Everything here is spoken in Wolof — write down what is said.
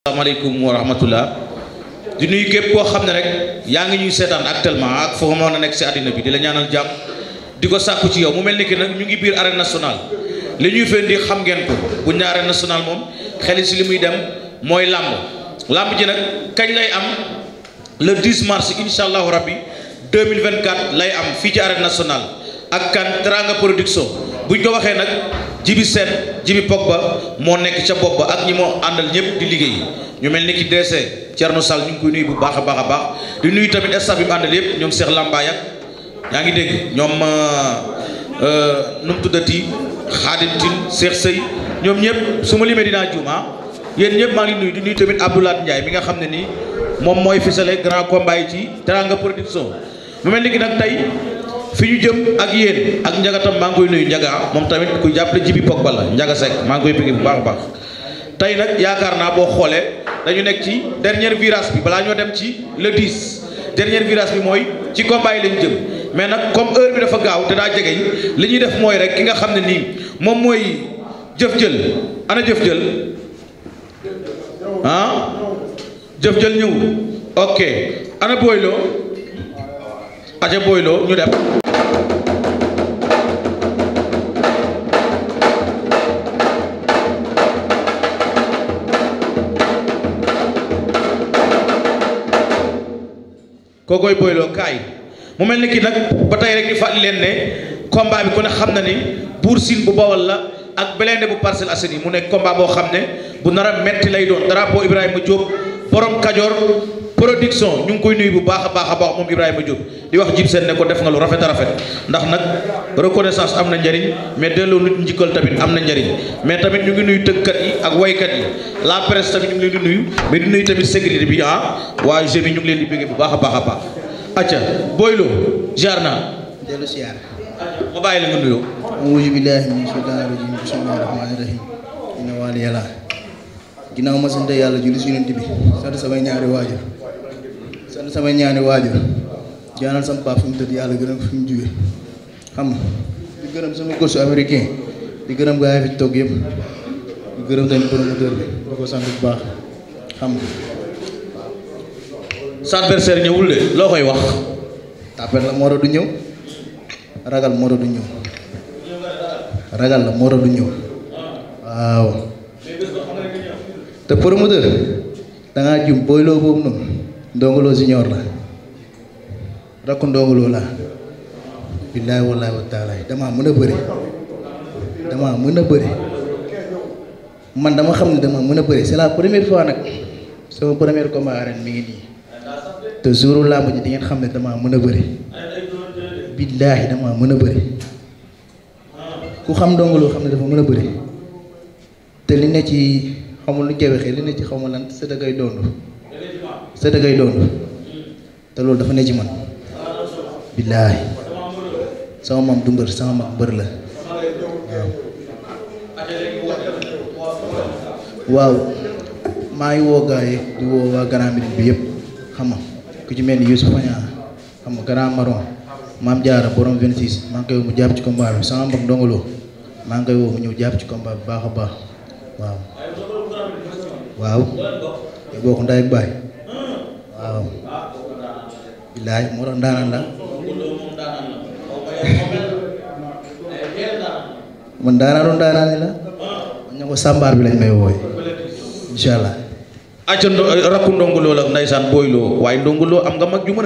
asalaamaaleykum wa rahmatullah di nuyu képp koo xam ne rek yaa ngi ñuy seetaan actuellement ak foo mën a nekk si àddina bi di la ñaanal jàpp di ko sàkku ci yow mu mel ni que nag ñu ngi biir arène nationale li ñuy fen di xam ngeen ko bu ñu arène moom xel si li muy dem mooy làmb làmb ji nag kañ lay am le 10 mars incha allahu rabbi 2024 lay am fii ci arène national ak kan Teranga Production buñ ko waxee nag. jibi seet jibi Pogba moo nekk ca bopp ba ak ñi moo àndal ñëpp di liggéey ñu mel ni ki DC Thierno Sall ñu ngi koy nuyu bu baax a baax a baax di nuyu tamit staff bi mu àndal yëpp ñoom Cheikh Lambaay yaa ngi dégg ñoom euh, euh, nu mu tuddati Khadim Tine Cheikh Sey ñoom ñëpp su ma limee dinaa juum ah yéen ñëpp maa ngi nuyu di nuyu tamit Abdoulaye Ndiaye mi nga xam ne ni moom mooy fisale grand combat yi ci Teranga Production mu mel ni ki nag tey. fi ñu jëm ak yéen ak Njaga tam maa ngi koy nuyu Njaga moom tamit ku jàppale Jibi Pogba la Njaga Seck maa ngi bu baax a baax tey nag yaakaar naa boo xoolee dañu nekk ci dernier virage bi balaa ñoo dem ci le 10 dernier virage bi mooy ci combat yi lañ jëm mais nag comme heure bi dafa gaaw te daa jegeñ li ñuy def mooy rek ki nga xam ne nii moom mooy jëf jël ana jëf jël ah jëf jël ñëw ok ana boyloo aja boyloo ñu def kookoy boyloo kaay mu mel ni kii nag ba tey rek di fàttali leen ne combat bi ku ne xam na ni Buur Sine bu Bawol la ak Blindé bu Parcelles Assainies mu nekk combat boo xam ne bu nar a metti lay doon drapeau Ibrahima Diop. borom Kajoor production ñu ngi koy nuyu bu baax a baax a baax moom Ibrahima Diop di wax jib seen ne ko def nga lu rafet a rafet ndax nag reconnaissance am na njariñ mais delloo nit njikkal tamit am na njariñ mais tamit ñu ngi nuyu tëggkat yi ak waykat yi la presse tamit ñu ngi leen di nuyu mais di nuyu tamit sécurité bi ah waa jeunes yi ñu ngi leen di bëggee bu baax a baax a baax. acca Boylo jaar naa. dellu siyaar. bàyyi la nga nuyoo. auzu billaahi mina shaytaani rajiim ginnaaw ma sant yàlla julli si yonent bi sant samay ñaari waajur sant samay ñaari waajur jaanal sama pap fi tëdd yàlla gërëm fi mu jóge xam di gërëm sama coach américain di gërëm gaa yi fi toog yëpp di gërëm tamit promoteur bi di ko sant bu baax xam nga sa adversaire ñëwul loo koy wax tàppet la mooro du ñëw ragal mooro du ñëw ragal la mooro du ñëw waaw te promoteur da ngaa jum booy loo boobu noonu Ndongo Lo la rakk Ndongo Lo la billaahi wallaahi wa damaa mën a bëri damaa mën a bëri man dama xam ne dama mën a bëri c'est la première fois nag sama première combat arène mi ngi nii te jouru làmb ji xam ne damaa mën a bëri billaahi damaa mën a bëri ku xam Ndongo Lo xam ne dafa mën a bëri te li ne ci xamul lu jewexe li ne ci xamul lan sët a koy doondu te loolu dafa ne ci man billaahi sama maam du mbër sama mag mbër la waaw maa ngi woo gars yi di woo waa ku ci mel ni Youssouf Agnana xam nga Grand Maron maam Diarra borom 26 maa ngi ci combat bi sama mbokk ndongolo maa ngi koy woo ñëw jàpp ci combat bi baax a baax waaw. waaw ñu bokk ndey ak baay waaw billaay moo tax ndaanaan la man daanaanu ndaanaan la man ko sàmbaar bi lañ may wooy incha allah acca rakku ndongoloo la ndeysaan booyloo waaye ndongoloo am nga mag ju